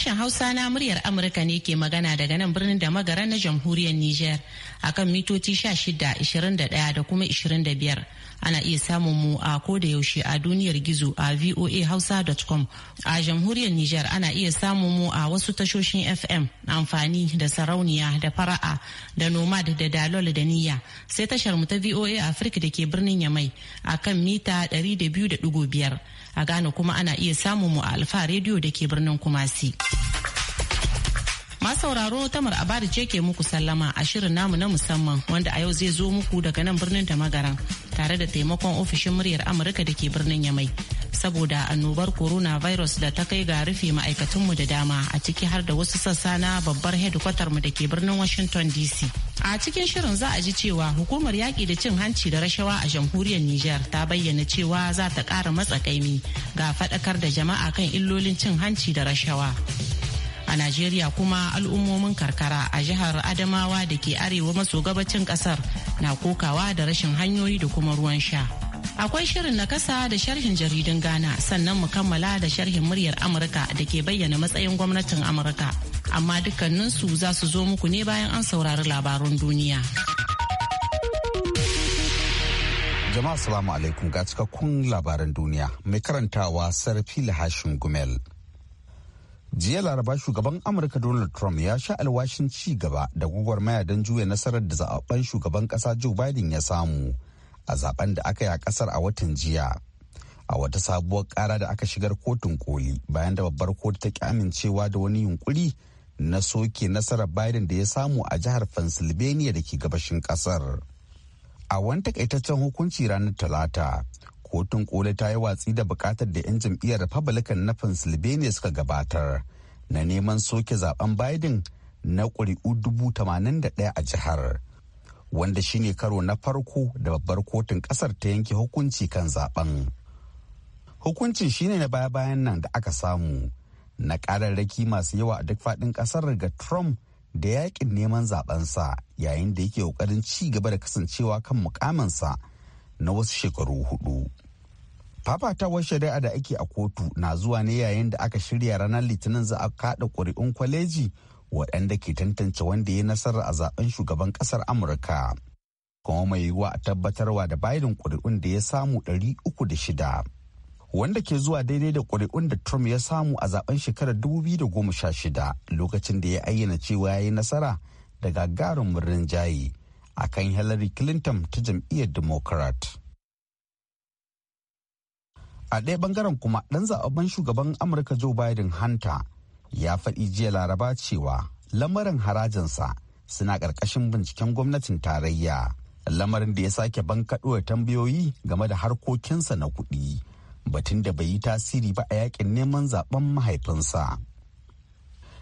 Sashen Hausa na muryar Amurka ne ke magana daga nan birnin da magara na jamhuriyar Nijar akan mitoci 16, 21 da kuma 25. Ana iya samun mu a koda yaushe a duniyar gizo a voa voahausa.com. A jamhuriyar niger ana iya samun mu a wasu tashoshin FM amfani da sarauniya da fara'a da nomad da dalol da niyya sai tashar mu ta VOA Africa da ke birnin Yamai akan mita 200.5. a Ghana kuma ana iya samun mu a Alfa Radio da ke birnin Kumasi. Masauraro ta tamar abadi ce ke muku sallama a shirin namu na musamman wanda a yau zai zo muku daga nan birnin da magaran tare da taimakon ofishin muryar Amurka da ke birnin Yamai. Saboda annobar corona virus da ta kai ga rufe ma'aikatunmu da dama a ciki har da wasu sassa na babbar mu da ke birnin Washington DC. A cikin shirin za a ji cewa hukumar yaƙi da cin hanci da rashawa a jamhuriyar Niger ta bayyana cewa za ta ƙara matsakaimi ga faɗakar da jama'a kan illolin cin hanci da rashawa. a najeriya kuma al'ummomin karkara a jihar adamawa da ke arewa maso gabacin kasar na kokawa da rashin hanyoyi da kuma ruwan sha akwai shirin na kasa da sharhin jaridun ghana sannan mu kammala da sharhin muryar amurka da ke bayyana matsayin gwamnatin amurka amma dukkaninsu za su zo muku ne bayan an saurari labarun duniya. Jama'a salamu alaikum ga cikakkun labaran duniya mai karantawa sarfi lahashin gumel. jiya laraba shugaban amurka donald trump ya sha alwashin ci gaba da gwagwarmaya don juya nasarar da zaɓaɓɓen shugaban ƙasa joe biden ya samu a zaben da aka yi a ƙasar a watan jiya a wata sabuwar ƙara da aka shigar kotun koli bayan da babbar kotu ta ki amincewa da wani yunkuri na soke nasarar biden da ya samu a jihar pennsylvania da ke gabashin ƙasar a wani takaitaccen hukunci ranar talata kotun koli ta yi watsi da bukatar da 'yan jam'iyyar republican na pennsylvania suka gabatar na neman soke zaben biden na ƙuri'u dubu tamanin da ɗaya a jihar wanda shine karo na farko da babbar kotun kasar ta yanke hukunci kan zaben hukuncin shine na baya-bayan nan da aka samu na kararraki masu yawa a duk faɗin ƙasar ga trump da yakin neman zabensa yayin da yake ƙoƙarin ci gaba da kasancewa kan mukaminsa na wasu shekaru hudu. fafatawar shari'a da ake a kotu na zuwa ne yayin da aka shirya ranar litinin za a kada ƙuri'un kwaleji waɗanda ke tantance wanda ya nasara a zaben shugaban ƙasar amurka kuma mai yiwuwa a tabbatarwa da biden ƙuri'un da ya samu ɗari uku da shida wanda ke zuwa daidai da ƙuri'un da trump ya samu a zaben shekarar dubu biyu da goma sha shida lokacin da ya ayyana cewa ya yi nasara da gagarumin rinjaye a kan Hillary Clinton ta jam'iyyar Democrat. A ɗaya bangaren kuma ɗan zaɓaɓɓen shugaban Amurka Joe Biden Hunter ya faɗi jiya laraba cewa lamarin harajinsa suna ƙarƙashin binciken gwamnatin tarayya. Lamarin da ya sake bankaɗo tambayoyi game da harkokinsa na kuɗi. Batun da bai yi tasiri ba a yakin neman zaben mahaifinsa.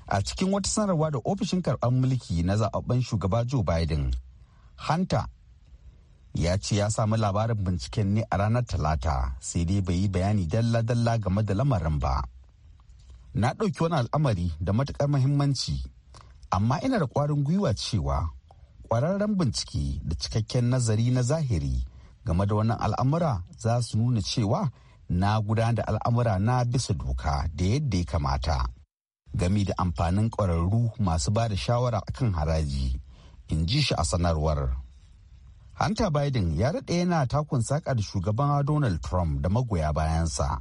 A cikin wata sanarwa da ofishin karɓar mulki na zaɓaɓɓen shugaba Joe Biden hunter ya ce ya sami labarin binciken ne a ranar talata sai dai bai yi bayani dalla-dalla game da lamarin ba na ɗauki wani al'amari da matuƙar muhimmanci amma ina da ƙwarin gwiwa cewa ƙwararren bincike da cikakken nazari na zahiri game da wannan al'amura za su nuna cewa na gudanar da al'amura na bisa doka da yadda ya kamata gami da amfanin ƙwararru masu ba da shawara akan haraji in ji shi a sanarwar. Hunter Biden ya daɗe yana takun saƙa da shugaban Donald Trump da magoya bayansa,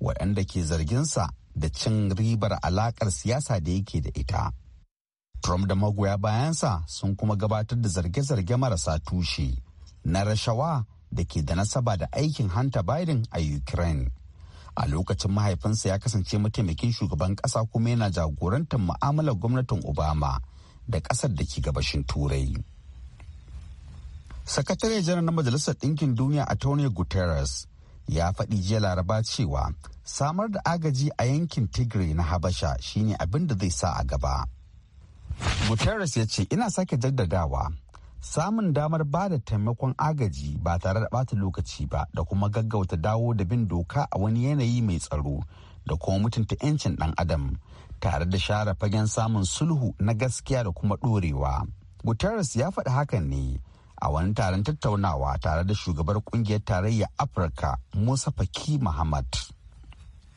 waɗanda ke zarginsa da cin ribar alaƙar siyasa da yake da ita. Trump da magoya bayansa sun kuma gabatar da zarge-zarge marasa tushe na rashawa da ke da nasaba da aikin Hunter Biden a Ukraine. A lokacin mahaifinsa ya kasance mataimakin shugaban kasa kuma yana jagorantar mu'amalar gwamnatin Obama da ƙasar da ke gabashin turai sakatare janar na majalisar ɗinkin duniya a tony guterres ya faɗi jiya laraba cewa samar da agaji a yankin tigray na habasha shine abin da zai sa a gaba guterres ya ce ina sake jaddadawa samun damar ba da taimakon agaji ba tare da bata lokaci ba da kuma gaggauta dawo da bin doka a wani yanayi mai tsaro da kuma mutunta 'yancin ɗan adam tare da share fagen samun sulhu na gaskiya da kuma ɗorewa. Guterres ya faɗi hakan ne a wani taron tattaunawa tare da shugabar kungiyar tarayya Afirka Musa Faki Muhammad.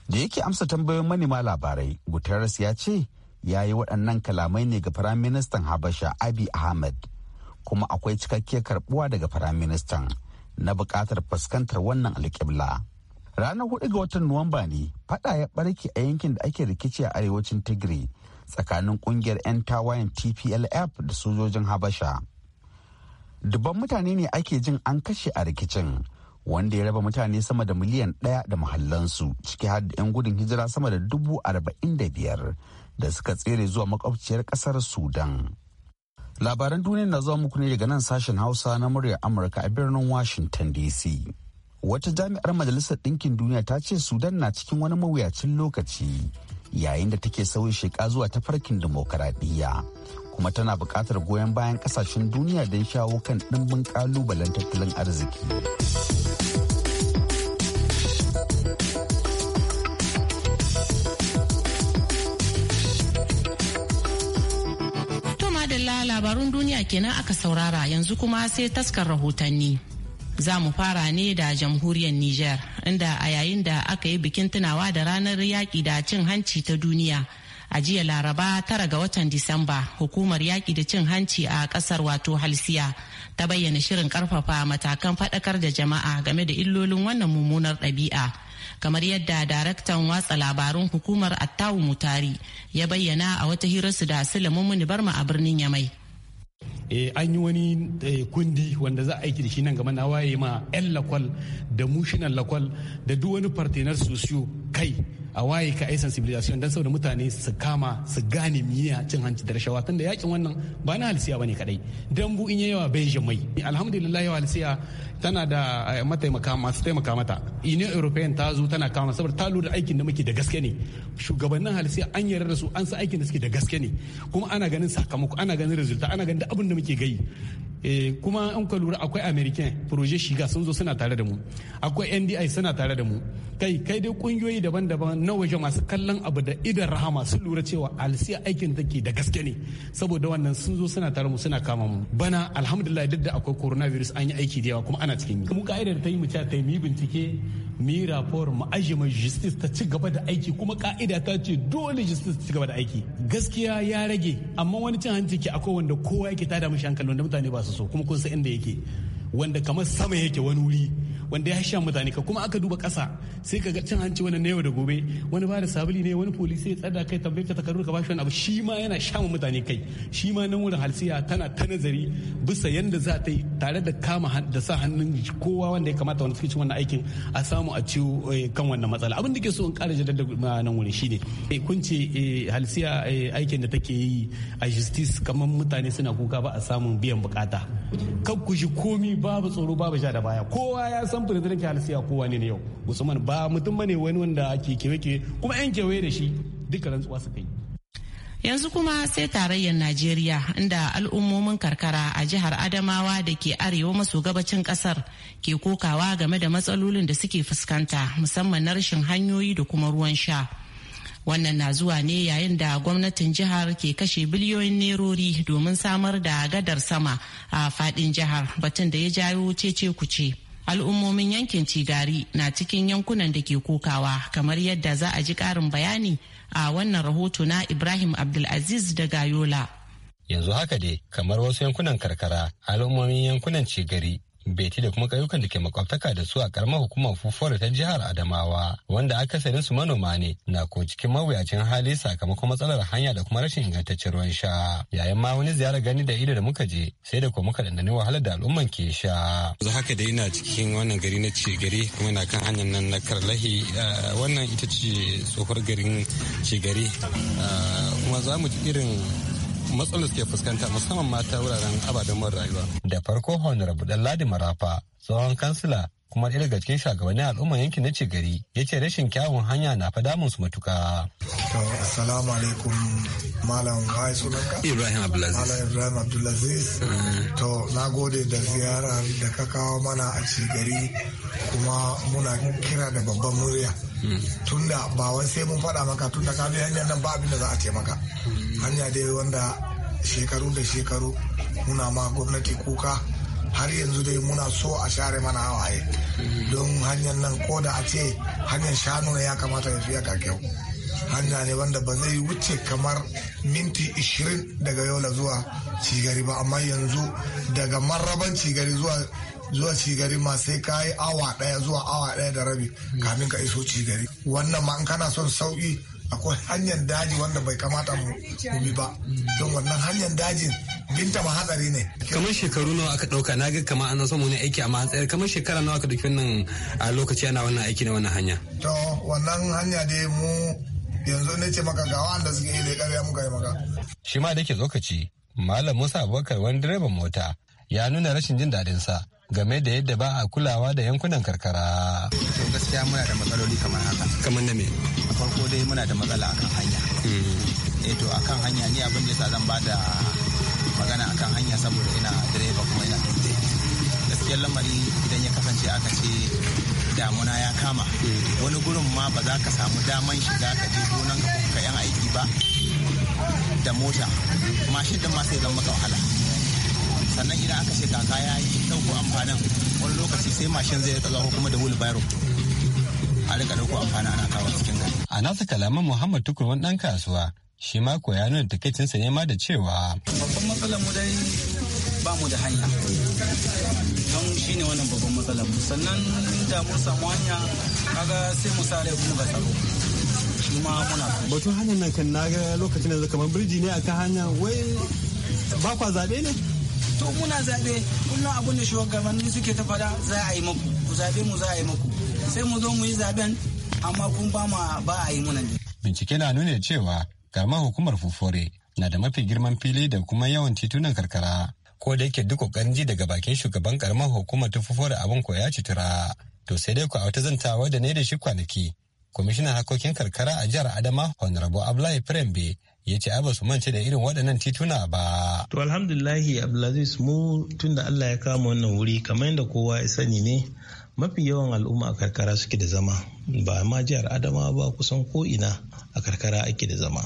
Da yake amsa tambayoyin manema labarai, Guterres ya ce ya yi waɗannan kalamai ne ga Firaministan Habasha Abi Ahmed, kuma akwai cikakkiyar karɓuwa daga Firaministan na buƙatar fuskantar wannan alƙibla. ranar hudu ga watan nuwamba ne fada ya barke a yankin da ake rikici a arewacin tigray tsakanin kungiyar 'yan tawayen tplf da sojojin habasha dubban mutane ne ake jin an kashe a rikicin wanda ya raba mutane sama da miliyan ɗaya da mahallansu ciki har da 'yan gudun hijira sama da dubu arba'in da biyar da suka tsere zuwa makwabciyar ƙasar sudan labaran duniya na zuwa muku ne daga nan sashen hausa na muryar amurka a birnin washington dc wata jami'ar majalisar ɗinkin duniya ta ce sudan na cikin wani mawuyacin lokaci yayin da take sauyi sheka zuwa ta farkin dimokuraɗiyya kuma tana bukatar goyon bayan ƙasashen duniya don shawo kan ɗimbin ƙalubalen tattalin arziki labarun duniya kenan aka saurara yanzu kuma sai taskar rahotanni. za mu fara ne da jamhuriyar Nijar, inda a yayin da aka yi bikin tunawa da ranar yaƙi da cin hanci ta duniya. A jiya Laraba tara ga watan Disamba, hukumar yaƙi da cin hanci a ƙasar wato Halsiya ta bayyana shirin ƙarfafa matakan faɗakar da jama'a game da illolin wannan mummunar ɗabi'a. kamar yadda daraktan watsa labarun hukumar attawu mutari ya bayyana a wata hirarsu da sulamun bar barma a birnin yamai Eh, an yi wani eh, kundi wanda za a aiki da nan gaba na waye ma 'yan lakwal da mushinan lakwal da duk wani partenar sosiyo kai a waye ka ai sensibilisation dan saboda mutane su kama su gane miya cin hanci da rashawa tunda yakin wannan ba na halsiya bane kadai dambu in yawa bai mai alhamdulillah halsiya tana da eh, mataimaka masu taimaka mata union european ta zo tana kama saboda ta lura aikin da muke da gaske ne shugabannin halsiya an yarda da su an sa aikin da suke da gaske ne kuma ana ganin sakamako ana ganin resulta ana ganin da abin da muke gai eh, kuma an ka lura akwai american proje shiga sun zo suna tare da mu akwai ndi suna tare da mu kai kai dai kungiyoyi daban-daban na waje masu kallon abu da idan rahama sun lura cewa alsiya aikin take da gaske ne saboda wannan sun zo suna tare mu suna kama mu bana alhamdulillah duk da akwai coronavirus an yi aiki da yawa kuma ana cikin yi mu ka'idar ta yi mu ta yi bincike mi rapor mu mai justice ta ci gaba da aiki kuma ka'ida ta ce dole justice ta ci gaba da aiki gaskiya ya rage amma wani cin hanci ke akwai wanda kowa yake tada mishi hankali wanda mutane ba su so kuma kun san inda yake wanda kamar sama yake wani wuri wanda ya sha mutane ka kuma aka duba kasa sai ka ga cin hanci wani na yau da gobe wani ba da sabili ne wani polisi ya tsada kai tambaye ka takardu ka bashi wani abu shi ma yana sha mutane kai shi ma nan wurin halsiya tana ta nazari bisa yanda za ta yi tare da kama da sa hannun kowa wanda ya kamata wanda suke cin wannan aikin a samu a ciwo eh, kan wannan matsala abin da ke so in ƙara jaddada nan wurin ne. Eh, kun ce eh, halsiya aikin da take yi a justice kamar mutane suna kuka ba a samun biyan bukata kan ku komi babu tsoro babu sha da baya kowa ya san president halisiya kowa ne yau usman ba mutum bane wani wanda ake kewaye kuma yan kewaye da shi duka rantsuwa su kai. yanzu kuma sai tarayyar najeriya inda al'ummomin karkara a jihar adamawa da ke arewa maso gabacin kasar ke kokawa game da matsalolin da suke fuskanta musamman na rashin hanyoyi da kuma ruwan sha Wannan na zuwa ne yayin da gwamnatin jihar ke kashe biliyoyin nerori domin samar da gadar sama a fadin jihar batun da ya jawo cece kuce. Al'ummomin yankin Cigari na cikin yankunan da ke kokawa kamar yadda za a ji ƙarin bayani a wannan rahoto na Ibrahim Abdulaziz daga Yola. yanzu haka dai kamar wasu yankunan karkara al'ummomin yankunan cigari beti da kuma kayukan da ke makwabtaka da su a karamar hukumar fufore ta jihar adamawa wanda akasarin su manoma ne na ko cikin mawuyacin hali sakamakon matsalar hanya da kuma rashin ingantaccen ruwan sha yayin ma wani ziyarar gani da ido da muka je sai da ko muka dandani wahalar da al'umman ke sha yanzu haka dai ina cikin wannan gari na ce gari kuma na kan hanyar nan na karlahi wannan ita ce tsohuwar garin ce gari kuma za mu ji irin matsalar suke fuskanta musamman mata wuraren ababen rayuwa. Da farko Honorable Ladi Marafa tsohon kansila kuma ɗaya daga cikin shugabannin al'umman yankin na ce gari ya ce rashin kyawun hanya na fa damun su matuka. To assalamu alaikum malam kai sunanka? Ibrahim Abdulaziz. Malam Ibrahim Abdulaziz. Mm. To na gode da ziyarar da ka kawo mana a ci gari kuma muna kira da babban murya. Mm. Tunda ba wai sai mun faɗa maka tunda ka bi hanyar nan ba abin da za a taimaka. Mm. Hanya dai wanda shekaru da shekaru muna ma gwamnati kuka har yanzu dai muna so a share mana hawaye don hanyar nan ko da a ce hanyar shanu ne ya kamata ya fiye kyau hanya ne wanda ba zai wuce kamar minti 20 daga yola zuwa cigari ba amma yanzu daga marraban cigari zuwa zuwa cigari ma sai ka yi awa daya zuwa awa daya da rabi kamin ka iso cigari wannan ma kana son sauki akwai hanyar daji wanda bai kamata mu bi ba don wannan hanyar dajin binta ma hatsari ne kamar shekaru nawa aka dauka na ga kamar an son wani aiki amma hatsari kamar shekara nawa aka dauki wannan a lokaci ana wannan aiki na wannan hanya to wannan hanya dai mu yanzu ne ce maka ga wanda suke yi da ƙarya muka yi maka shi ma da ke lokaci malam musa abubakar wani direban mota ya nuna rashin jin sa. game da yadda ba a kulawa da yankunan karkara. To gaskiya muna da matsaloli kamar haka. Kamar na me? A farko dai muna da matsala akan hanya. Mm. Eh to akan hanya ni abin da yasa zan ba da magana akan hanya saboda ina direba kuma ina ɗauke. Gaskiyar lamari idan ya kasance aka ce damuna ya kama mm. wani gurin ma ba za ka samu daman shiga ka je gonan ka yan aiki ba da mota mashin din ma sai zan maka wahala. sannan idan aka ce kaka ya yi ɗauko amfanin wani lokaci sai mashin zai ta zaho kuma da wheelbarrow a rika ɗauko amfanin ana kawo cikin gari. a nasa kalaman muhammad tukur wani ɗan kasuwa shi ma ko ya nuna takaicinsa ne ma da cewa. babban matsalar mu dai ba mu da hanya don shi ne wannan babban matsalar mu sannan da mun samu hanya kaga sai mu sare kuma ga tsaro batun hanyar nan kan naga lokacin da kamar birji ne kan hanya wai ba kwa zaɓe ne to muna zaɓe kullum abin da shugabanni suke ta fada za a yi muku ku zaɓe mu za a yi muku sai mu zo mu yi zaɓen amma kun ba ma ba a yi muna bincike na nuna cewa gama hukumar fufore na da mafi girman fili da kuma yawan titunan karkara ko da yake duk kokarin ji daga bakin shugaban karamar hukumar ta fufore abin ko ya citura to sai dai ku a wata zantawa da ne da shi kwanaki kwamishinan harkokin karkara a jihar adama honorable abdullahi prembe ya ce ba su mance da irin waɗannan tituna ba. To alhamdulillahi Abdulaziz mu tun da Allah ya kama wannan wuri kamar yadda kowa ya sani ne mafi yawan al'umma a karkara suke da zama ba ma jihar Adama ba kusan ko ina a karkara ake da zama.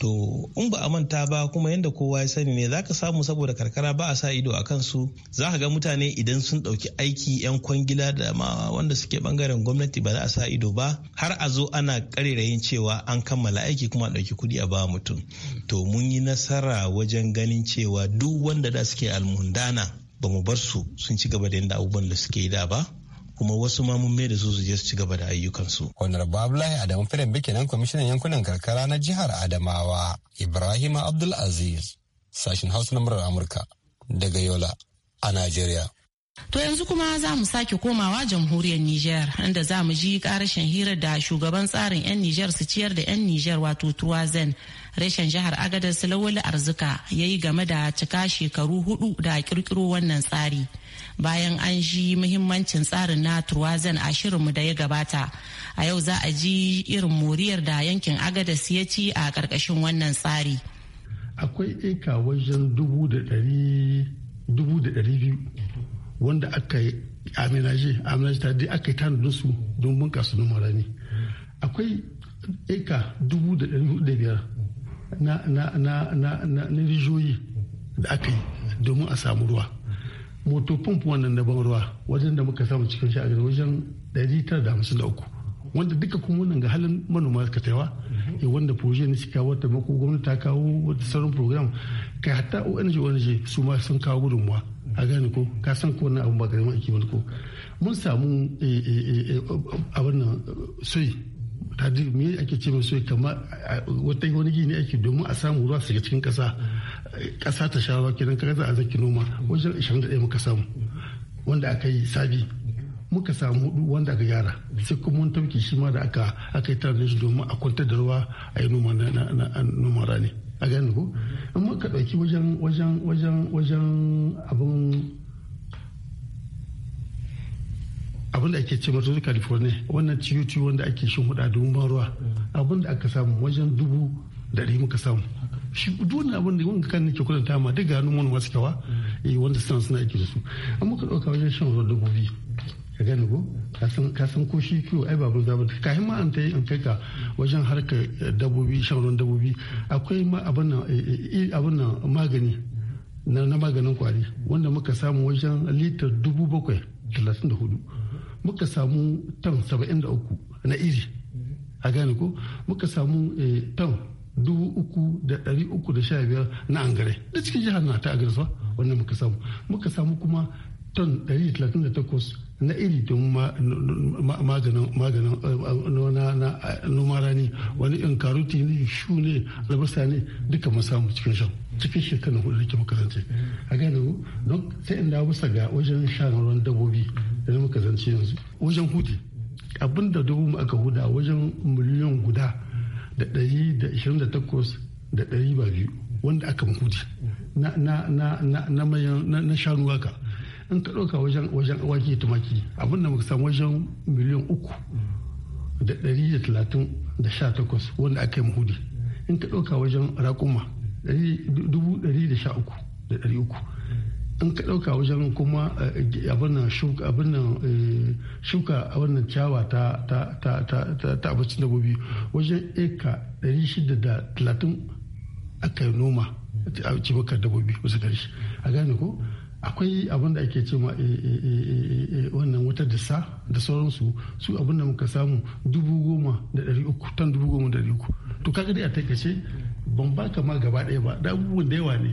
to in ba a manta ba kuma yadda kowa ya sani ne zaka samu saboda karkara ba a sa ido a kansu za ka ga mutane idan sun ɗauki aiki 'yan kwangila da ma wanda suke bangaren gwamnati ba za a sa ido ba har a zo ana ƙarerayin cewa an kammala aiki kuma ɗauki kuɗi a ba mutum to mun yi nasara wajen ganin cewa duk wanda da suke almundana ba mu bar su sun ci gaba da yadda abubuwan da suke yi da ba kuma wasu ma mun da su su je su ci gaba da ayyukansu. Honorable Abdullahi Adamu Firin Bikinan kwamishinan yankunan karkara na jihar Adamawa Ibrahim AbdulAziz, sashen Hausa na murar Amurka daga Yola a Najeriya. To yanzu kuma za mu sake komawa jamhuriyar Nijar inda za mu ji karashin hirar da shugaban tsarin 'yan Nijar su ciyar da 'yan Nijar wato Tuwazen reshen jihar Agadar sulawali Arzika ya yi game da cika shekaru hudu da kirkiro wannan tsari. Bayan an ji muhimmancin tsarin na Tuwazen a shirinmu da ya gabata, a yau za a ji irin moriyar da yankin Agadas ya ci a ƙarƙashin wannan tsari. Akwai eka wajen dubu da ɗari biyu wanda aka yi aminaji aminaji ta dai aka yi tanadin su don bunkasa noman rani akwai eka dubu da ɗari hudu da biyar na rijiyoyi da aka yi domin a samu ruwa moto pump wannan na ban ruwa wajen da muka samu cikin shi a wajen uku wanda duka kuma wannan ga halin manoma suka taiwa ya wanda proje na suka wata mako gwamnati ta kawo wata sauran program kai hatta ONG ONG su ma sun kawo gudunmuwa a gane ko ka san ko wannan abun ba ka aiki bane ko mun samu eh, eh, eh, a wannan soyi tadi me ake ce mai soyi kamar wata wani gini ake domin a samu ruwa su cikin kasa kasa ta shawarwa kenan kaga za a zaki noma wajen 21 muka samu wanda aka yi sabi muka samu hudu wanda aka gyara sai kuma mun tauki shi ma da aka aka yi tare da shi domin a kwantar da ruwa a yi noma rani a gane ko in ka ɗauki wajen wajen wajen wajen abin abin da ake cewa masu california wannan ciyo wanda ake shin huda domin ban ruwa abin da aka samu wajen dubu dari muka samu shi duk abin da wanda kan nake kudin tama duk gano manoma suke wa eh, wanda suna suna ake da su an muka ɗauka wajen shan ruwa dubu biyu ka gani ko ka san ko shi kiwo ai babu ka yi ma an ta an kai ka wajen harkar eh, dabbobi shan ruwan dabbobi akwai ma abin nan eh, eh, magani na maganin kwari wanda muka samu wajen litar dubu bakwai talatin da hudu muka samu tan saba'in da uku na iri a gane ko muka samu tan dubu uku da ɗari uku da sha biyar na angare da cikin jihar na ta agarsa wannan muka samu muka samu kuma tan ɗari talatin da takwas na iri don maganin noma rani wani in karuti ne shu ne albasa ne duka masamu cikin shan cikin shekaru hudu da ke makaranta a gane ku don sai in dawo bisa ga wajen shan ruwan dabobi da na zance yanzu wajen hudu abin da dubu mu aka huda wajen miliyan guda da ɗari da ishirin da takwas da ɗari ba biyu wanda aka hudu na na na na na shanu in ka ɗauka wajen wajen awaki tumaki abin muka samu wajen miliyan uku da ɗari da talatin da sha takwas wanda aka yi mahudi in ka ɗauka wajen raƙuma dubu ɗari da sha uku da ɗari uku in ka ɗauka wajen kuma eh, abin eh, shuka abin nan ciyawa ta ta ta ta abincin dabbobi wajen eka ɗari shida da talatin aka yi noma a cibakar dabobi wasu karshe a gane ko akwai abin da ake cewa eh, eh, eh, wannan wata disa da sauransu su abin da muka samu dubu goma da ɗari uku tan dubu goma da ɗari uku to kaga dai a taikace ban ka ma gaba ɗaya ba da abubuwan da yawa ne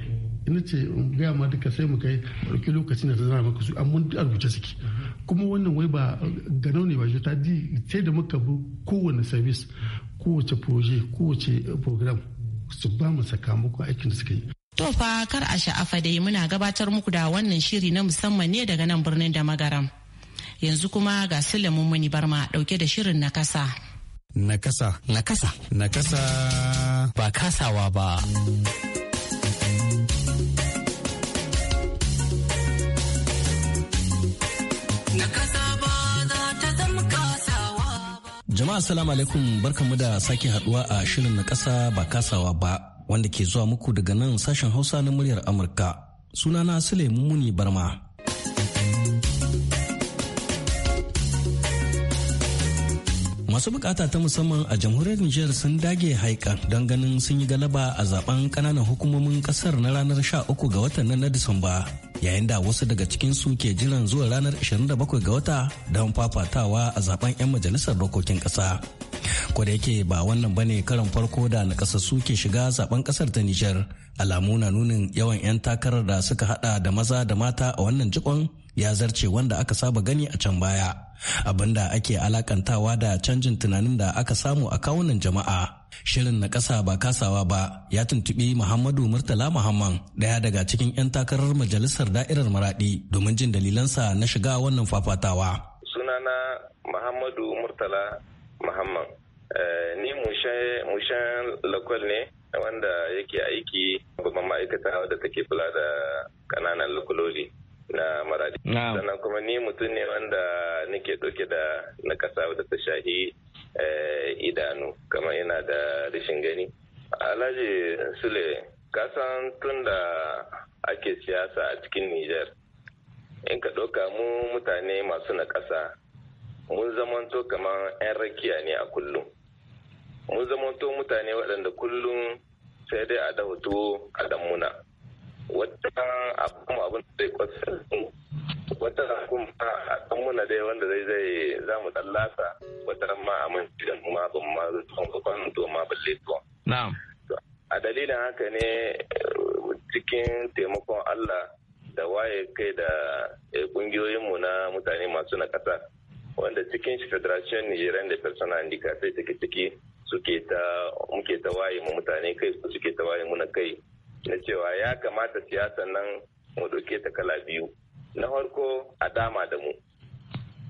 ina ce gaya ma duka sai mu kai ɗauki lokacin da zana maka su amma duk rubuce suke kuma wannan wai ba ganau ne ba shi ta di sai da muka bi kowane service kowace proje kowace program su ba mu sakamakon aikin da suka yi To fa kar a sha'afa dai muna gabatar muku da wannan shiri na musamman ne daga nan birnin da magaram. Yanzu kuma ga sulamin Muni Barma dauke da shirin na kasa. Na kasa. Na kasa. Na kasa. Ba kasawa ba. Jama'a salamu alaikum barkanmu da sake haduwa a shirin na kasa ba kasawa ba wanda ke zuwa muku daga nan sashen Hausa na muryar Amurka. Sunana Suleiman Muni Barma. masu bukata ta musamman a jamhuriyar Nijar sun dage haika don ganin sun yi galaba a zaben kananan hukumomin kasar na ranar 13 ga watan nan na Disamba yayin da wasu daga cikin su ke jiran zuwa ranar 27 ga wata don fafatawa a zaben 'yan majalisar dokokin kasa. Ko da yake ba wannan bane karan farko da nakasassu ke shiga zaben kasar ta Nijar alamu na nunin yawan 'yan takarar da suka hada da maza da mata a wannan jikon ya zarce wanda aka saba gani a can baya abinda ake alakantawa da canjin tunanin da aka samu a kawunan jama'a shirin na ƙasa ba kasawa ba ya tuntuɓi muhammadu murtala muhamman daya daga cikin 'yan takarar majalisar da'irar maraɗi domin jin dalilansa na shiga wannan fafatawa sunana muhammadu murtala muhamman eh, ni mushen lakwal ne wanda yake aiki babban ma'aikata wadda take kula da ƙananan lokaloli na maradi sannan kuma ni mutum ne wanda nake ɗauke da na kasa da ta shahi eh, idanu kamar yana da rashin gani alhaji sule kasan tun da ake siyasa a cikin Nijar. in ka ɗauka mu mutane masu na ƙasa mun zamanto kamar 'yan rakiya ne a kullum mun zamanto mutane waɗanda kullum sai dai a da hoto a damuna wata abin abin zai kwasa wata abin a kan muna dai wanda zai zai za mu tsallasa wata ma a man cikin ma ban ma zuwan kwakwan to ma balle to. A dalilin haka ne cikin taimakon Allah da waye kai da kungiyoyinmu eh, na mutane masu na ƙasa wanda cikin shi federation nigerian da persona handicap take ciki suke ta muke ta waye mu mutane kai suke ta waye mu na kai na cewa ya kamata siyasa nan mu ɗauke ta kala biyu na farko a dama da mu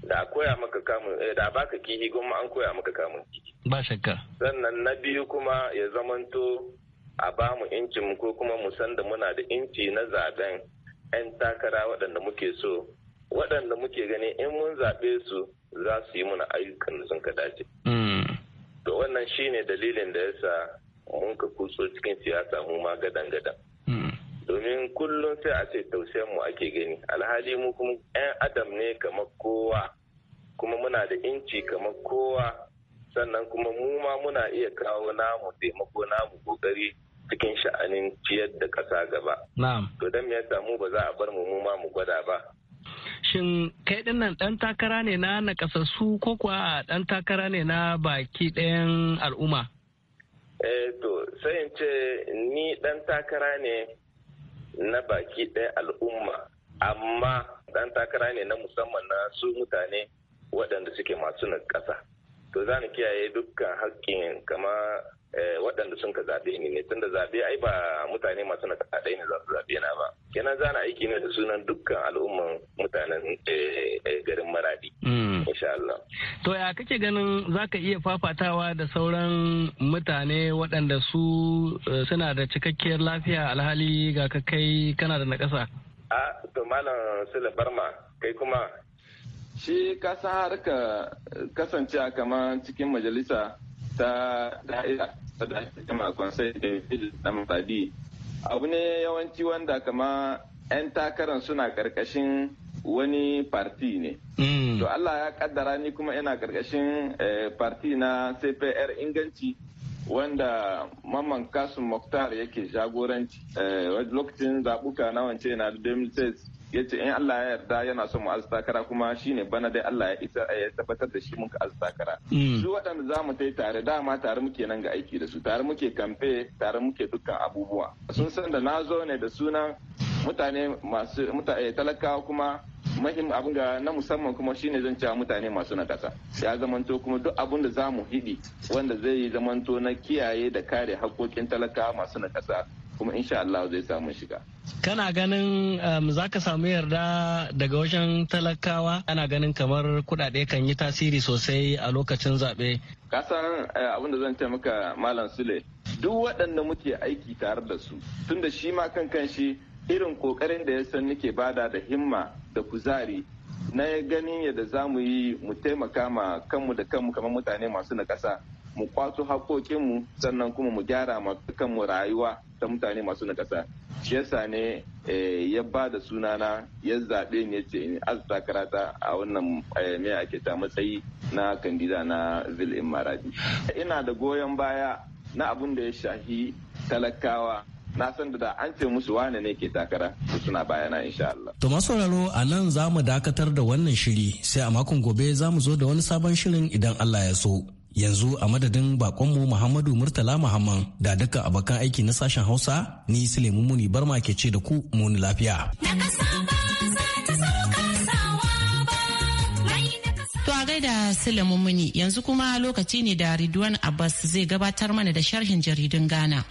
da a koya maka kamun eh, da baka kihi kuma an koya maka kamun ba shakka sannan na biyu kuma ya zamanto a ba mu incin ko kuma mu san da muna da inci na zaben 'yan takara waɗanda muke so waɗanda muke gani in mun zaɓe su za su yi muna ayyukan da sun ka dace. Mm. To wannan shine ne dalilin da yasa mun ka so cikin siyasa mu ma gadan gadan hmm. domin kullum sai a ce tausayin mu ake gani alhali mu kuma yan adam ne kamar kowa kuma muna da inci kamar kowa sannan kuma mu ma muna iya kawo namu taimako namu kokari cikin sha'anin ciyar da ƙasa gaba. To don me yasa mu ba za a bar mu mu ma mu gwada ba. Shin kai din nan ɗan takara ne na nakasassu ko kuwa ɗan takara ne na baki ɗayan al'umma? eh to sai in ce ni dan takara ne na baki ɗaya al'umma amma dan takara ne na musamman na su mutane waɗanda suke masu na ƙasa to za ni kiyaye dukkan hakkin kama eh, waɗanda sun ka zaɓe ni ne tunda zaɓe ai ba mutane masu na kaɗai ne za su zaɓe na ba kenan za na aiki ne da sunan dukkan al'umman mutanen eh, eh, garin maradi hmm. insha Allah to ya kake ganin ka iya fafatawa da sauran mutane waɗanda su suna da cikakkiyar lafiya alhali ga kai kana da nakasa a to malam sule barma kai kuma shi kasa har ka kasance a kamar cikin majalisa ta da'ira ta da'ira makon sai da mafadi abu ne yawanci wanda kama 'yan takarar suna karkashin wani parti ne mm. to allah ya kaddara ni kuma yana karkashin eh, parti na cpr inganci wanda mamman kasu moktar yake jagoranci eh, lokacin zabuka na wance na 2006 ya ce in Allah ya yarda yana son mu takara kuma shine bana dai Allah ya isa ya tabbatar da shi muka takara. Mm. su waɗanda za mu tai tare dama tare muke nan ga aiki da su tare muke kamfe tare muke dukkan abubuwa sun san da na zo ne da sunan mutane masu mutane eh, talakawa kuma mahim abin ga na musamman kuma shine zan cewa mutane masu nakasa ya zamanto kuma duk abin da za mu hidi wanda zai zamanto na kiyaye da kare hakkokin talakawa masu nakasa kuma insha Allah zai samu shiga kana ganin um, za ka samu yarda daga wajen talakawa ana ganin kamar kudade kan yi tasiri sosai a lokacin zaɓe kasan eh, abin da zan taimaka malam sule duk waɗanda muke aiki tare da su tunda shi ma kan kan shi irin kokarin da ya san nake bada da himma da kuzari na ganin yadda za mu yi mu taimaka ma kanmu da kanmu kamar mutane masu na ƙasa mu kwaso hakokinmu sannan kuma mu gyara ma mu rayuwa ta mutane masu nakasa shi yasa ne eh, ya ba da sunana ya zaɓe ne ce azuta karata a wannan eh, mai ake ta matsayi na kandida na zil maradi ina da goyon baya na abin da ya shahi talakawa na san da an ce musu wane ne ke takara suna bayana insha Allah. To sauraro a nan za mu dakatar da wannan shiri sai a makon gobe za mu zo da wani sabon shirin idan Allah ya so. yanzu a madadin bakonmu muhammadu murtala muhamman da duka abokan aiki na sashen hausa ni sulemu muni barma ke ce da ku muni lafiya to a gaida sulemu muni yanzu kuma lokaci ne da ridwan abbas zai gabatar mana da sharhin jaridun ghana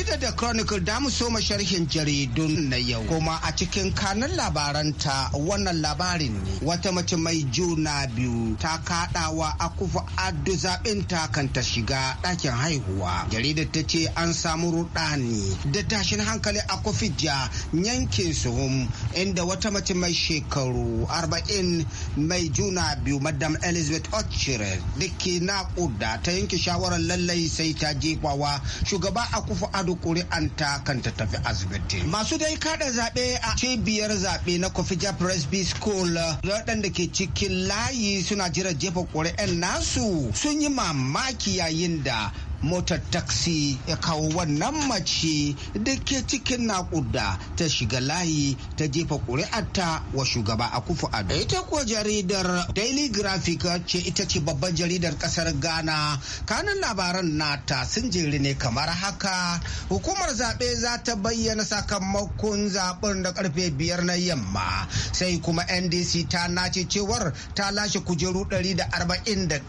jaridar da chronicle da soma sharhin jaridun na yau kuma a cikin kanan labaranta wannan labarin ne wata mace mai juna biyu ta kadawa kufa addu zaben ta kan ta shiga ɗakin haihuwa jaridar ta ce an samu rudani da tashin hankali a kofija yankin suhum inda wata mace mai shekaru 40 mai juna biyu madam elizabeth ochire dake na nakuda ta yanke shawarar lallai sai ta jefawa shugaba a kufa ado. duk ƙuri'anta kan ta tafi asibiti. Masu dai kada zaɓe a cibiyar zaɓe na Kofija Presby School waɗanda ke cikin layi suna jira jefa ƙuri'an nasu sun yi mamaki yayin da motar taksi ya kawo wannan mace da ke cikin nakuda ta shiga layi ta jefa ƙuri'arta wa shugaba a kufu ado ita kuwa jaridar daily graphic ce ita ce babban jaridar kasar ghana Kanun labaran nata sun jeri ne kamar haka hukumar zaɓe za ta bayyana sakamakon zaɓen da karfe biyar na yamma sai kuma ndc ta nace cewar ta lashe kujeru 141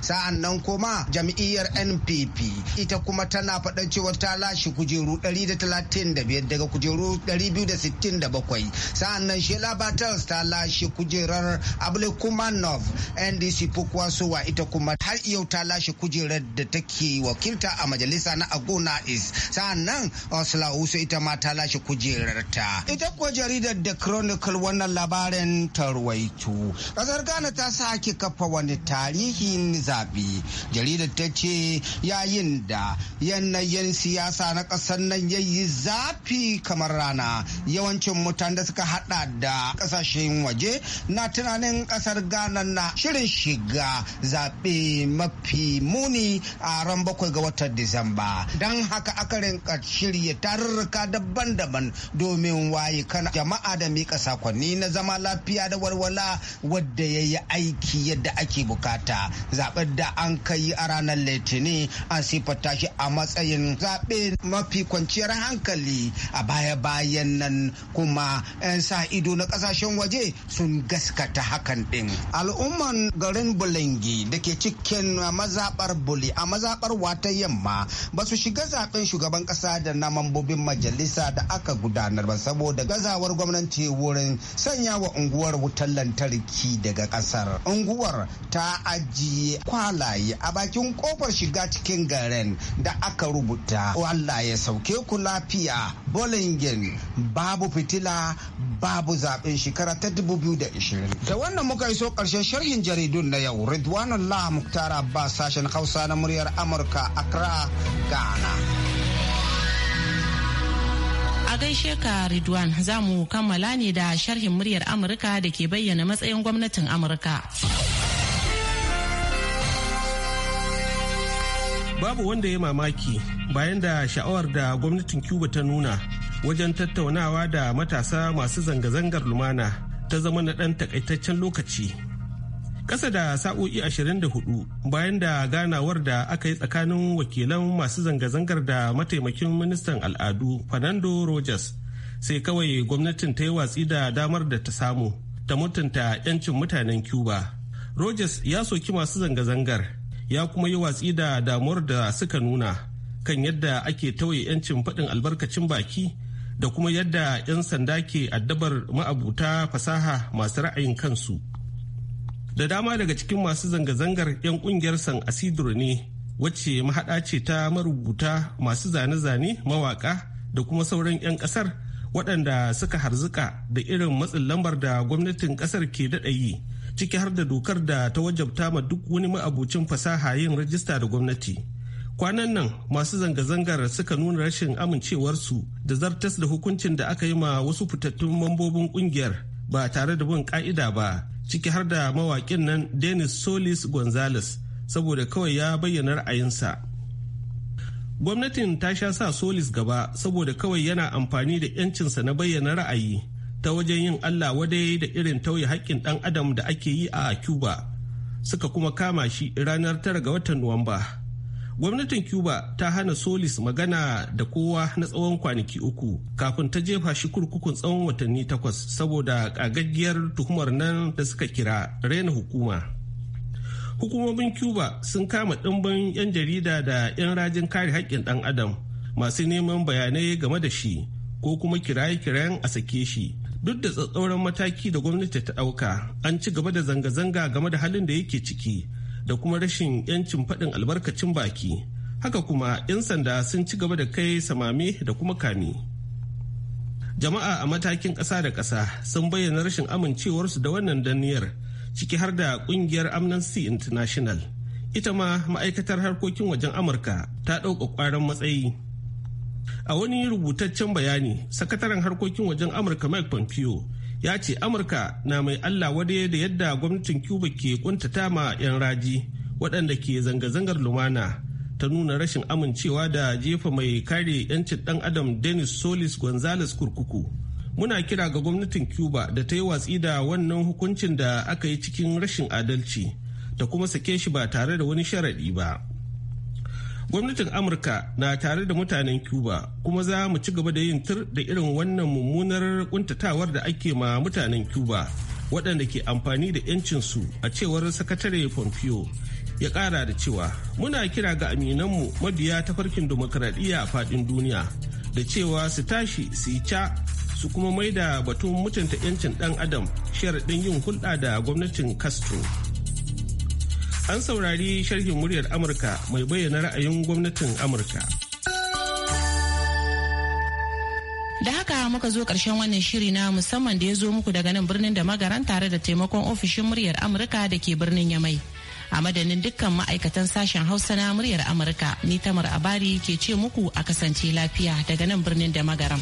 sa'an nan kuma jam'iyyar np pdp ita kuma tana faɗan cewa ta lashe kujeru 135 daga kujeru 267 nan shela battles ta lashe kujerar ablekumanov ndc pukwasowa ita kuma har yau ta lashe kujerar da take wakilta a majalisa na agona is nan osla uso ita ma ta lashe kujerar ta ita kuwa jaridar da chronicle wannan labarin tarwaito ƙasar kasar ghana ta sake kafa wani tarihin zabe jaridar ta ce yayin da yanayin siyasa na ƙasar nan ya yi zafi kamar rana yawancin mutane da suka hada da ƙasashen waje na tunanin ƙasar ghana na shirin shiga zaɓe mafi muni a ran bakwai ga watan disamba don haka aka rinka shirya tarurruka daban-daban domin waye kan jama'a da miƙa sakonni na zama lafiya da walwala wadda ya yi aiki yadda ake bukata zaɓen da an kai a ranar litinin an sifata shi a matsayin zaɓe mafi kwanciyar hankali a baya-bayan nan kuma 'yan sa ido na ƙasashen waje sun gaskata hakan ɗin. Al'umman garin Bulengi da ke cikin mazaɓar Buli a mazaɓar wata yamma ba su shiga zaɓen shugaban ƙasa da na mambobin majalisa da aka gudanar ba saboda gazawar gwamnati wurin sanya wa unguwar wutar lantarki daga ƙasar. Unguwar ta ajiye kwalaye a bakin ƙofar shiga cikin cikin garin da aka rubuta Allah ya sauke ku lafiya bolingin babu fitila babu zaben shekara ta 2020 da wannan muka iso karshen sharhin jaridun na yau ridwanullah muktar abbas sashen hausa na muryar amurka accra ghana a gaishe ka ridwan za mu kammala ne da sharhin muryar amurka da ke bayyana matsayin gwamnatin amurka babu wanda ya mamaki bayan da sha'awar da gwamnatin cuba ta nuna wajen tattaunawa da matasa masu zanga-zangar lumana ta zama na ɗan takaitaccen lokaci ƙasa da sa'o'i 24 bayan da ganawar da aka yi tsakanin wakilan masu zanga-zangar da mataimakin ministan al'adu fernando rogers sai kawai gwamnatin ta yi watsi da damar da ta samu ta mutunta 'yancin mutanen cuba rogers ya soki masu zanga-zangar ya kuma yi watsi da damuwar da suka nuna kan yadda ake tauye 'yancin faɗin albarkacin baki da kuma yadda 'yan sanda ke addabar ma'abuta fasaha masu ra'ayin kansu da dama daga cikin masu zanga-zangar 'yan kungiyar san asidro ne wacce mahaɗa ce ta marubuta masu zane-zane mawaka da kuma sauran 'yan ƙasar waɗanda suka harzuka da irin matsin lambar da gwamnatin ƙasar ke daɗa yi ciki har da dokar da ta wajabta ma duk wani ma'abucin fasaha yin rajista da gwamnati kwanan nan masu zanga-zangar suka nuna rashin amincewarsu da zartas da hukuncin da aka yi ma wasu fitattun mambobin kungiyar ba tare da bin ka'ida ba ciki har da mawaƙin nan denis solis gonzales saboda kawai ya bayyana ra'ayinsa gwamnatin ta sha sa solis gaba saboda kawai yana amfani da 'yancinsa na bayyana ra'ayi ta wajen yin Allah wadai da irin tauye haƙƙin ɗan adam da ake yi a Cuba suka kuma kama shi ranar tara ga watan Nuwamba. Gwamnatin Cuba ta hana Solis magana da kowa na tsawon kwanaki uku kafin ta jefa shi kurkukun tsawon watanni takwas saboda ƙagaggiyar tuhumar nan da suka kira rena hukuma. Hukumomin Cuba sun kama ɗimbin 'yan jarida da 'yan rajin kare haƙƙin ɗan adam masu neman bayanai game da shi ko kuma kiraye-kirayen a sake shi duk da tsatsauran mataki da gwamnati ta ɗauka an ci gaba da zanga-zanga game da halin da yake ciki da kuma rashin 'yancin faɗin albarkacin baki haka kuma 'yan sanda sun ci gaba da kai samame da kuma kami jama'a a matakin ƙasa da ƙasa sun bayyana rashin amincewarsu da wannan daniyar ciki har da ƙungiyar amnesty international ita ma ma'aikatar harkokin wajen amurka ta ɗauka ƙwaron matsayi A wani rubutaccen bayani, sakataren harkokin wajen Amurka Mike Pompeo ya ce Amurka na mai Allah wade da yadda gwamnatin Cuba ke kuntata ma 'yan raji waɗanda ke zanga-zangar lumana ta nuna rashin amincewa da jefa mai kare 'yancin ɗan adam Dennis Solis Gonzales kurkuku. Muna kira ga gwamnatin Cuba da ta yi watsi da wannan hukuncin da aka yi cikin rashin adalci da kuma sake shi ba tare da wani sharaɗi ba. gwamnatin amurka na tare da mutanen cuba kuma za mu ci gaba da yin tur da irin wannan mummunar kuntatawar da ake ma mutanen cuba waɗanda ke amfani da 'yancinsu a cewar sakatare pompeo ya ƙara da cewa muna kira ga aminanmu mabiya tafarkin dimokuraɗiyya a faɗin duniya da cewa su tashi su yi ca su kuma mai da batun mutunta 'yancin ɗan adam sharaɗin yin hulɗa da gwamnatin castro An saurari sharhin muryar Amurka mai bayyana ra'ayin gwamnatin Amurka. Da haka muka zo ƙarshen wannan shiri na musamman da ya zo muku daga nan birnin da magaran tare da taimakon ofishin muryar Amurka da ke birnin Yamai. A madadin dukkan ma'aikatan sashen Hausa na muryar Amurka, ni Tamar Abari ke ce muku a kasance lafiya daga nan birnin da magaran.